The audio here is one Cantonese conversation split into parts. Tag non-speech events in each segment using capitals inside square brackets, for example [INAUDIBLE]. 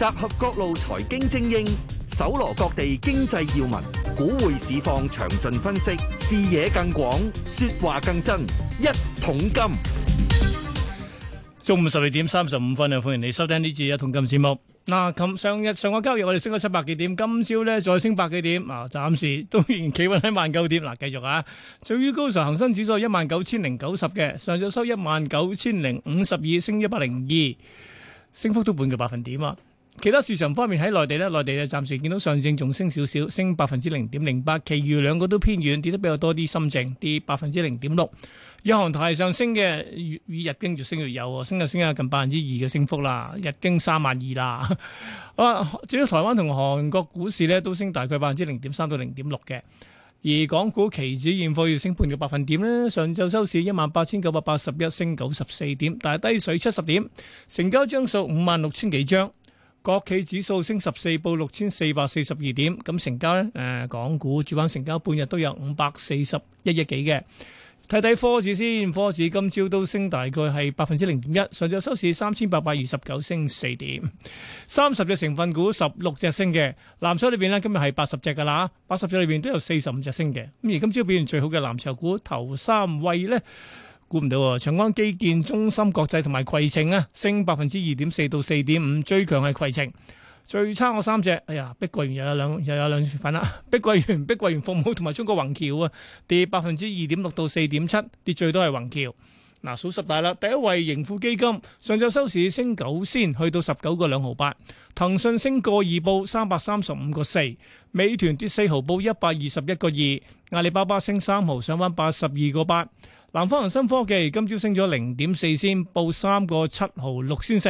集合各路財經精英，搜羅各地經濟要聞，股匯市況詳盡分析，視野更廣，說話更真。一桶金，中午十二點三十五分啊！歡迎你收聽呢次一桶金節目。嗱，琴上日上個交易日我哋升咗七百幾點，今朝咧再升百幾點啊，暫時都仍然企穩喺萬九點。嗱，繼續啊。上于高上恒生指數一萬九千零九十嘅上晝收一萬九千零五十二，升一百零二，升幅都半個百分點啊。其他市場方面喺內地呢，內地啊，暫時見到上證仲升少少，升百分之零點零八。其餘兩個都偏軟跌得比較多啲，深證跌百分之零點六。日韓台係上升嘅，越與日經越升越有，升啊升啊，近百分之二嘅升幅啦，日經三萬二啦。啊，至於台灣同韓國股市呢，都升大概百分之零點三到零點六嘅。而港股期指現貨要升半個百分點呢，上晝收市一萬八千九百八十一，升九十四點，但係低水七十點，成交張數五萬六千幾張。國企指數升十四，報六千四百四十二點，咁成交呢，誒、呃，港股主板成交半日都有五百四十一億幾嘅。睇睇科指先，科指今朝都升大概係百分之零點一，上晝收市三千八百二十九升四點，三十隻成分股十六隻升嘅，藍籌裏邊呢，今日係八十隻噶啦，八十隻裏邊都有四十五隻升嘅，咁而今朝表現最好嘅藍籌股頭三位呢。估唔到長江基建、中心國際同埋攜程咧，升百分之二點四到四點五，最強係攜程，最差我三隻。哎呀，碧桂園又有兩又有兩份啦。碧桂園、碧桂園服務同埋中國宏橋啊，跌百分之二點六到四點七，跌最多係宏橋。嗱，數十大啦，第一位盈富基金上晝收市升九仙，去到十九個兩毫八。騰訊升個二報三百三十五個四。美團跌四毫，報一百二十一個二。阿里巴巴升三毫，上翻八十二個八。南方恒生科技今朝升咗零點四仙，報三個七毫六仙四。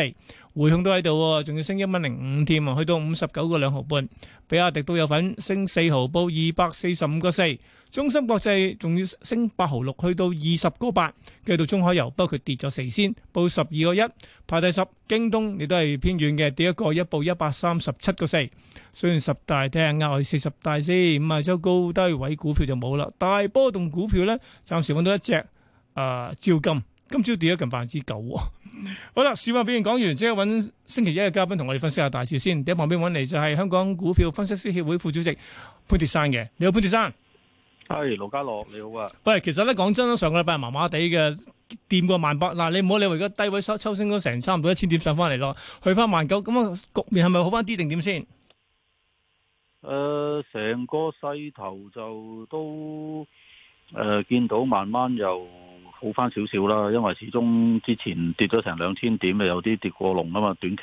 匯控都喺度，仲要升一蚊零五添，去到五十九個兩毫半。比亞迪都有份，升四毫，報二百四十五個四。中芯國際仲要升八毫六，去到二十個八。跟住到中海油，不過佢跌咗四先，報十二個一，排第十。京東亦都係偏軟嘅，跌一個，一報一百三十七個四。雖然十大聽下，我哋四十大先。咁啊，即五十周高低位股票就冇啦。大波動股票咧，暫時搵到一隻，誒、呃，招金，今朝跌咗近百分之九。好啦，市況表現講完，即刻搵星期一嘅嘉賓同我哋分析下大市先。第一邊，你喺旁邊搵嚟就係香港股票分析師協會副主席潘鐵珊嘅。你好，潘鐵珊。係，羅家樂，你好啊。喂，其實咧講真啦，上個禮拜麻麻地嘅，掂過萬八。嗱、啊，你唔好理話而家低位收收升咗成差唔多一千點上翻嚟咯，去翻萬九，咁啊局面係咪好翻啲定點先？誒、呃，成個勢頭就都誒、呃、見到慢慢又。好翻少少啦，因為始終之前跌咗成兩千點，有啲跌過龍啊嘛，短期。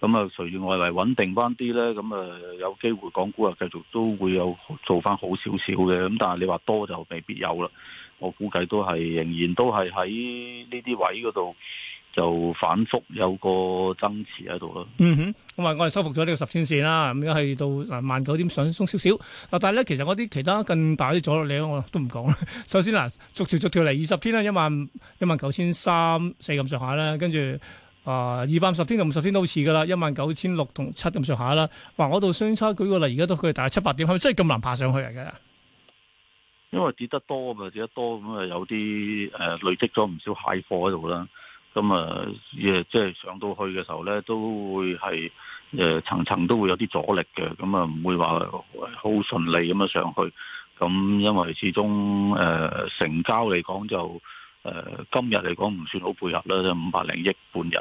咁啊，隨住外圍穩定翻啲呢，咁啊，有機會港股又繼續都會有做翻好少少嘅，咁但係你話多就未必有啦。我估計都係仍然都係喺呢啲位嗰度。就反覆有個增持喺度咯。嗯哼，咁啊，我哋收復咗呢個十天線啦。咁而家係到萬九點上鬆少少。嗱，但係咧，其實我啲其他更大啲阻力，我都唔講啦。首先啦，啊，逐條逐條嚟二十天啦，一萬一萬九千三四咁上下啦。跟住啊，二百五十天同五十天都好似㗎啦，一萬九千六同七咁上下啦。嗱，我度相差舉個例，而家都佢大概七八點，係咪真係咁難爬上去嚟嘅？因為跌得多啊嘛，跌得多咁啊，有啲誒累積咗唔少蟹貨喺度啦。咁啊，亦即係上到去嘅時候咧，都會係誒層層都會有啲阻力嘅，咁啊唔會話好順利咁樣上去。咁、嗯、因為始終誒、呃、成交嚟講就誒、呃、今日嚟講唔算好配合啦，即五百零億半日。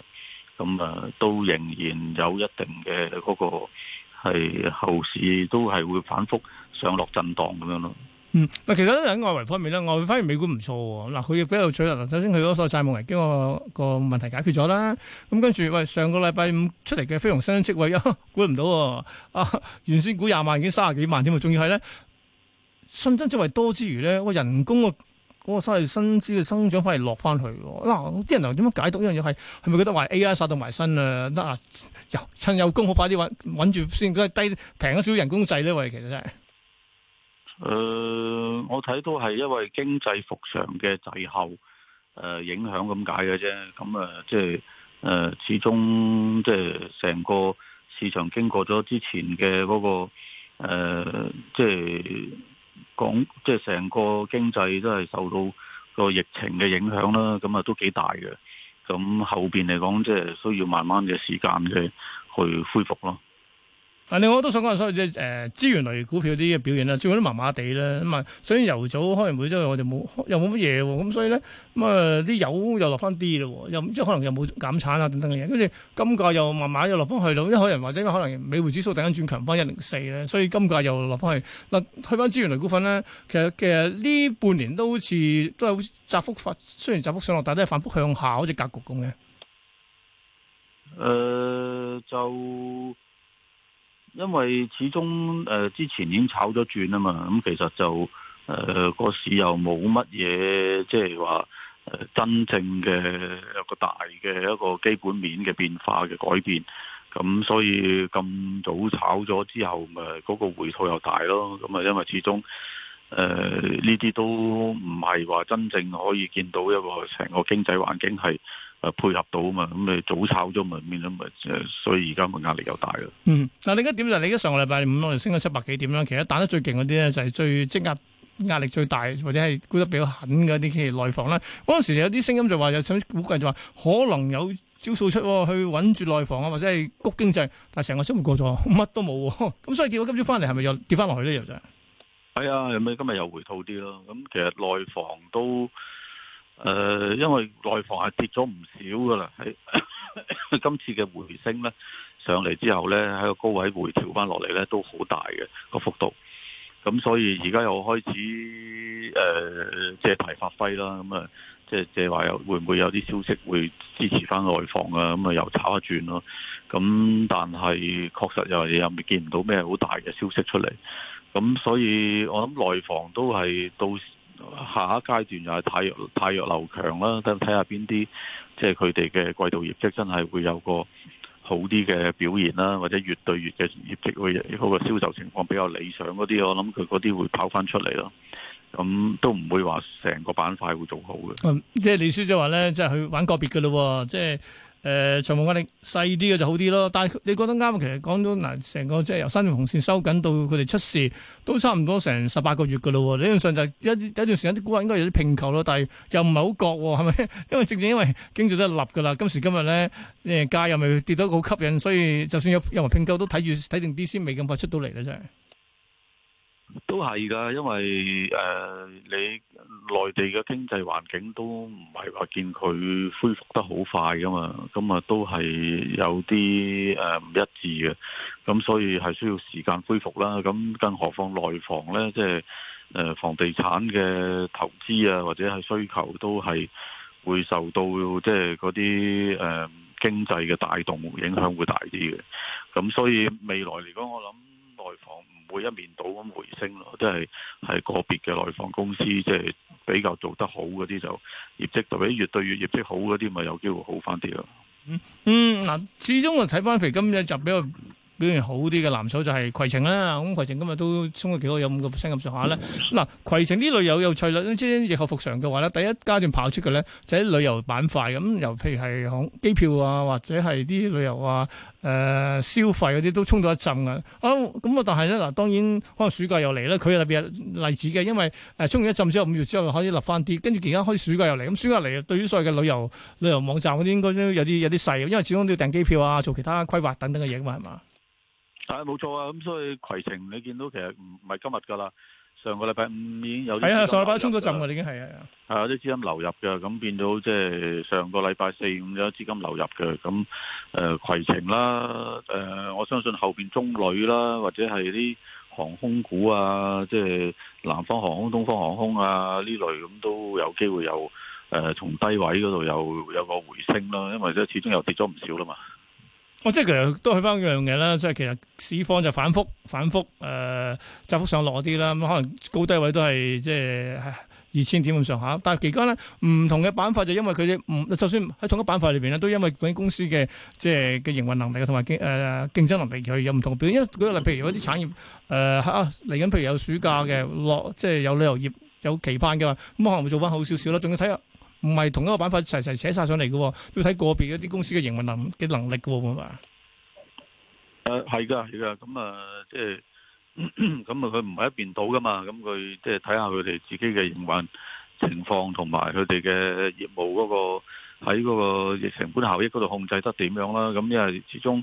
咁、嗯、啊、嗯、都仍然有一定嘅嗰個係後市都係會反覆上落震盪咁樣咯。嗯，嗱，其實咧喺外圍方面咧，外圍反而美股唔錯喎。嗱，佢比較取樂，首先佢嗰個債務危機個個問題解決咗啦。咁跟住，喂，上個禮拜五出嚟嘅非農新增職位又估唔到啊，啊，原先估廿萬已經三十幾萬添，仲要係咧新增職位多之餘咧，嗰人工、嗰個嗰個薪資嘅增長反而落翻去。嗱，啲人又點樣解讀呢樣嘢？係係咪覺得話 A.I. 殺到埋身啊？得、呃、啊，有趁有工好快啲搵住先，嗰低平一少人工制咧？喂，其實真係。誒、呃，我睇到係因為經濟復常嘅滯後誒、呃、影響咁解嘅啫，咁誒即係誒始終即係成個市場經過咗之前嘅嗰、那個誒即係講即係成個經濟都係受到個疫情嘅影響啦，咁啊都幾大嘅，咁後邊嚟講即係需要慢慢嘅時間嘅去恢復咯。另外，我都想講嘅，所以即係誒資源類股票啲嘅表現啦，資源都麻麻地啦咁啊。所以由早開完會之後，我哋冇又冇乜嘢喎，咁所以咧咁啊啲油又落翻啲啦，又即可能又冇減產啊等等嘅嘢，跟住金價又慢慢又落翻去到，啲學人話齋可能美匯指數突然間轉強翻一零四咧，所以金價又落翻去嗱、啊。去翻資源類股份咧，其實其實呢半年都好似都係窄幅發，雖然窄幅上落，但都係反覆向下好似格局咁嘅。誒、呃、就。因為始終誒、呃、之前已經炒咗轉啊嘛，咁其實就誒個、呃、市又冇乜嘢，即係話誒真正嘅一個大嘅一個基本面嘅變化嘅改變，咁所以咁早炒咗之後，咪、那、嗰個回吐又大咯，咁啊因為始終誒呢啲都唔係話真正可以見到一個成個經濟環境係。誒，配合到啊嘛，咁你早炒咗咪變咗咪，所以而家個壓力又大啦。嗯，嗱，你另一點就係你而家上個禮拜五我哋升咗七百幾點啦，其實打得最勁嗰啲咧就係最積壓壓力最大，或者係沽得比較狠嗰啲，其實內房啦。嗰陣時有啲聲音就話有想估計就話可能有招數出、哦、去穩住內房啊，或者係谷經濟，但係成個星期過咗，乜都冇，咁 [LAUGHS] 所以結果今朝翻嚟，係咪又跌翻落去咧？又就係，係啊，咁啊今日又回吐啲咯，咁其實內房都。誒、呃，因為內房係跌咗唔少噶啦，喺 [LAUGHS] 今次嘅回升咧上嚟之後咧，喺個高位回調翻落嚟咧都好大嘅個幅度。咁所以而家又開始誒、呃、借題發揮啦，咁啊即係即係話又會唔會有啲消息會支持翻內房啊？咁啊又炒一轉咯。咁但係確實又又未見唔到咩好大嘅消息出嚟。咁所以我諗內房都係到。下一階段又係汰弱汰弱留強啦，等睇下邊啲即係佢哋嘅季度業績真係會有個好啲嘅表現啦，或者越對越嘅業績會嗰個銷售情況比較理想嗰啲，我諗佢嗰啲會跑翻出嚟咯。咁、嗯、都唔會話成個板塊會做好嘅、嗯。即係李小姐話呢，即係去玩個別噶咯，即係。誒財務壓力細啲嘅就好啲咯，但係你覺得啱，其實講到嗱，成、呃、個即係、呃呃、由三條紅線收緊到佢哋出事，都差唔多成十八個月噶啦喎。理論上就有一段時間啲股應該有啲併購咯，但係又唔係好覺喎，係、嗯、咪？因為正正因為經濟得立噶啦，今時今日咧誒價又咪跌到好吸引，所以就算有有埋併購都睇住睇定啲先，未咁快出到嚟啦，真係。都係噶因為誒、呃，你內地嘅經濟環境都唔係話見佢恢復得好快噶嘛，咁、嗯、啊都係有啲誒唔一致嘅，咁、嗯、所以係需要時間恢復啦。咁、嗯、更何況內房呢？即係誒、呃、房地產嘅投資啊，或者係需求都係會受到即係嗰啲誒經濟嘅帶動影響會大啲嘅。咁、嗯、所以未來嚟講，我諗內房。每一面倒咁回升咯，即係係個別嘅內房公司，即係比較做得好嗰啲，就業績特別，越對越業績好嗰啲，咪有機會好翻啲咯。嗯嗯，嗱，始終我睇翻肥金嘅就比較。表現好啲嘅藍籌就係攜程啦，咁攜程今日都衝咗幾多，有五個 percent 咁上下咧。嗱、嗯啊，攜程呢類又有趣嘞，即係疫後復常嘅話咧，第一階段跑出嘅咧就喺、是、旅遊板塊咁，尤其係響機票啊或者係啲旅遊啊誒、呃、消費嗰啲都衝到一陣啊。咁、嗯、啊，但係咧嗱，當然可能暑假又嚟啦。佢特別係例子嘅，因為誒衝、呃、完一陣之後，五月之後可以立翻啲，跟住而家開始暑假又嚟，咁、嗯、暑假嚟對於所謂嘅旅遊旅遊網站嗰啲應該都有啲有啲細，因為始終都要訂機票啊，做其他規劃等等嘅嘢嘛，係嘛？係冇錯啊！咁所以攜程你見到其實唔係今日㗎啦，上個禮拜五已經有啲係啊！上個禮拜衝咗盡㗎，已經係啊！係有啲資金流入嘅，咁變到即係上個禮拜四五有資金流入嘅，咁誒攜程啦，誒、呃、我相信後邊中旅啦，或者係啲航空股啊，即係南方航空、東方航空啊呢類咁都有機會有誒、呃、從低位嗰度有有個回升啦，因為即始終又跌咗唔少啦嘛。我、哦、即係其實都去翻一樣嘢啦，即係其實市況就反覆反覆誒，窄、呃、幅上落啲啦，咁、嗯、可能高低位都係即係二千點咁上下。但係期間咧，唔同嘅板塊就因為佢哋唔就算喺同一板塊裏邊咧，都因為嗰公司嘅即係嘅營運能力同埋競誒競爭能力，去有唔同嘅表現。因為例，譬如有啲產業誒吓嚟緊，呃、譬如有暑假嘅落，即係有旅遊業有期盼嘅話，咁、嗯、可能會做翻好少少啦。仲要睇下。唔係同一個板塊齊齊寫晒上嚟嘅，都要睇個別一啲公司嘅營運能嘅能力嘅，係嘛？誒，係噶係噶，咁啊，即係咁啊，佢唔係一邊倒噶嘛，咁佢即係睇下佢哋自己嘅營運情況，同埋佢哋嘅業務嗰個喺嗰個成本效益嗰度控制得點樣啦。咁因為始終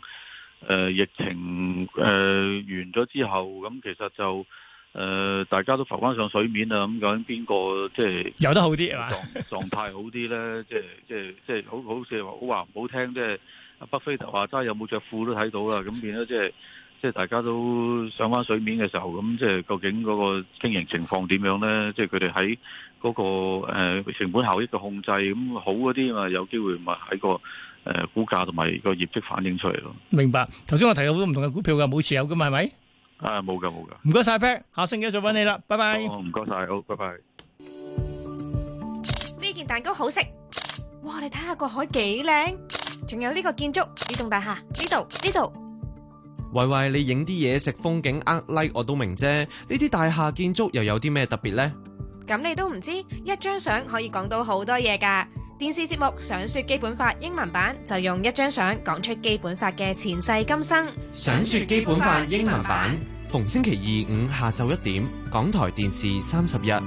誒疫情誒完咗之後，咁其實就。誒、呃，大家都浮翻上水面啦，咁究竟邊個即係遊得好啲係嘛？狀態好啲咧，即係即係即係好好似好話唔好聽，即、就、係、是、畢菲特話齋有冇着褲都睇到啦。咁變咗即係即係大家都上翻水面嘅時候，咁即係究竟嗰個經營情況點樣咧？即係佢哋喺嗰個成本效益嘅控制，咁好嗰啲啊嘛，有機會咪喺個誒股價同埋個業績反映出嚟咯。明白。頭先我提到好多唔同嘅股票㗎，冇持有嘅係咪？是啊，冇噶冇噶，唔該晒 Pat，下星期再搵你啦，拜拜。哦，唔該晒，好，拜拜。呢件蛋糕好食，哇！你睇下個海幾靚，仲有呢個建築呢棟大廈呢度呢度。喂喂，你影啲嘢食風景呃 like 我都明啫，呢啲大廈建築又有啲咩特別咧？咁你都唔知一張相可以講到好多嘢噶。電視節目《想說基本法》英文版就用一張相講出基本法嘅前世今生。想說基本法英文版，逢星期二五下晝一點，港台電視三十日。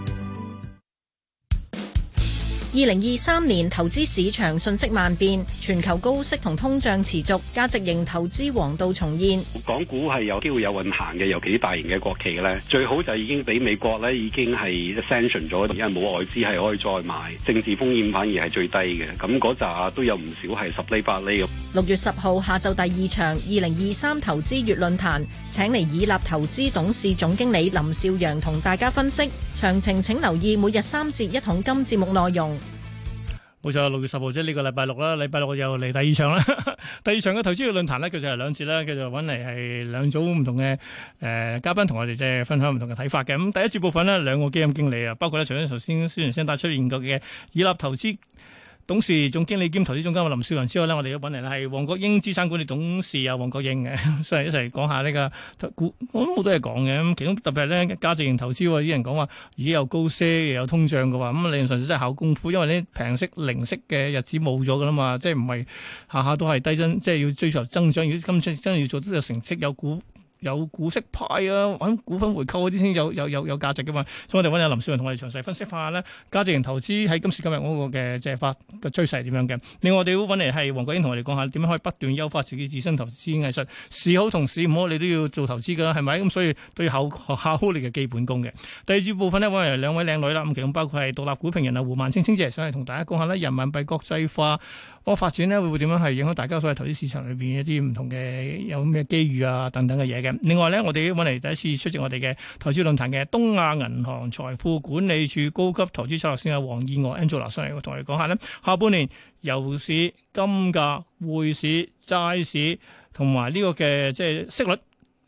二零二三年投資市場信息萬變，全球高息同通脹持續，價值型投資黃道重現。港股係有機會有運行嘅，尤其啲大型嘅國企咧，最好就已經俾美國咧已經係 ascension 咗，而家冇外資係可以再買，政治風險反而係最低嘅。咁嗰扎都有唔少係十厘八厘。六月十號下晝第二場二零二三投資月論壇，請嚟，以立投資董事總經理林少陽同大家分析。詳情請留意每日三節一桶金節目內容。冇錯，月這個、六月十號即係呢個禮拜六啦，禮拜六又嚟第二場啦。第二場嘅投資嘅論壇咧，佢就係兩節啦，繼續揾嚟係兩組唔同嘅誒、呃、嘉賓同我哋即係分享唔同嘅睇法嘅。咁、嗯、第一節部分咧，兩個基金經理啊，包括咧，除咗頭先孫先生帶出嚟研嘅以立投資。董事總經理兼投資總監阿林少雲，之後呢，我哋都揾嚟啦，係黃國英資產管理董事啊，黃國英嘅。所 [LAUGHS] 以一齊講一下呢、呢個股，我都冇多嘢講嘅。咁其中特別咧，價值型投資喎，啲人講話，而家又高息，又有通脹嘅話，咁你哋上次真係考功夫，因為啲平息零息嘅日子冇咗噶啦嘛，即係唔係下下都係低增，即係要追求增長。如果今次真係要做得有成績，有股。有股息派啊，揾股份回購嗰啲先有有有有價值嘅嘛，所以我哋揾下林少雲同我哋詳細分析下呢價值型投資喺今時今日嗰個嘅誒發嘅趨勢係點樣嘅。另外我哋要揾嚟係黃國英同我哋講下點樣可以不斷優化自己自身投資藝術，市好同市唔好你都要做投資噶，係咪？咁所以對口考，考，考你嘅基本功嘅。第二節部分呢，揾嚟兩位靚女啦，咁其中包括係獨立股評人啊胡萬青，青姐係想嚟同大家講下呢人民幣國際化。個發展咧，會會點樣係影響大家所謂投資市場裏邊一啲唔同嘅，有咩機遇啊等等嘅嘢嘅。另外咧，我哋揾嚟第一次出席我哋嘅投資論壇嘅東亞銀行財富管理處高級投資策略師阿黃燕娥 Angela 上嚟，我同你講下咧，下半年油市、金價、匯市、債市同埋呢個嘅即係息率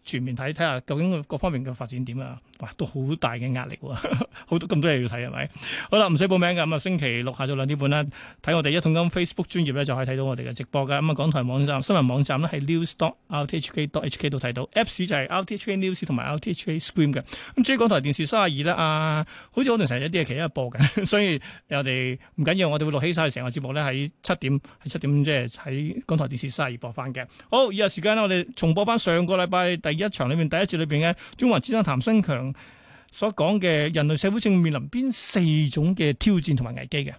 全面睇，睇下究竟各方面嘅發展點啊。都好大嘅壓力喎，好多咁多嘢要睇係咪？好啦，唔使報名㗎，咁啊星期六下晝兩點半啦，睇我哋一桶金 Facebook 專頁咧就可以睇到我哋嘅直播㗎。咁啊港台網站新聞網站咧係 news.rthk.hk 都睇到，Apps 就係 RTHK News 同埋 RTHK Screen 嘅。咁至於港台電視三十二咧啊，好似我哋成日有啲嘢其他播嘅，所以我哋唔緊要，我哋會錄起晒成個節目咧，喺七點喺七點即係喺港台電視三十二播翻嘅。好，以下時間咧，我哋重播翻上個禮拜第一場裏面第一節裏邊嘅中環資產譚新強。所講嘅人類社會正面臨邊四種嘅挑戰同埋危機嘅。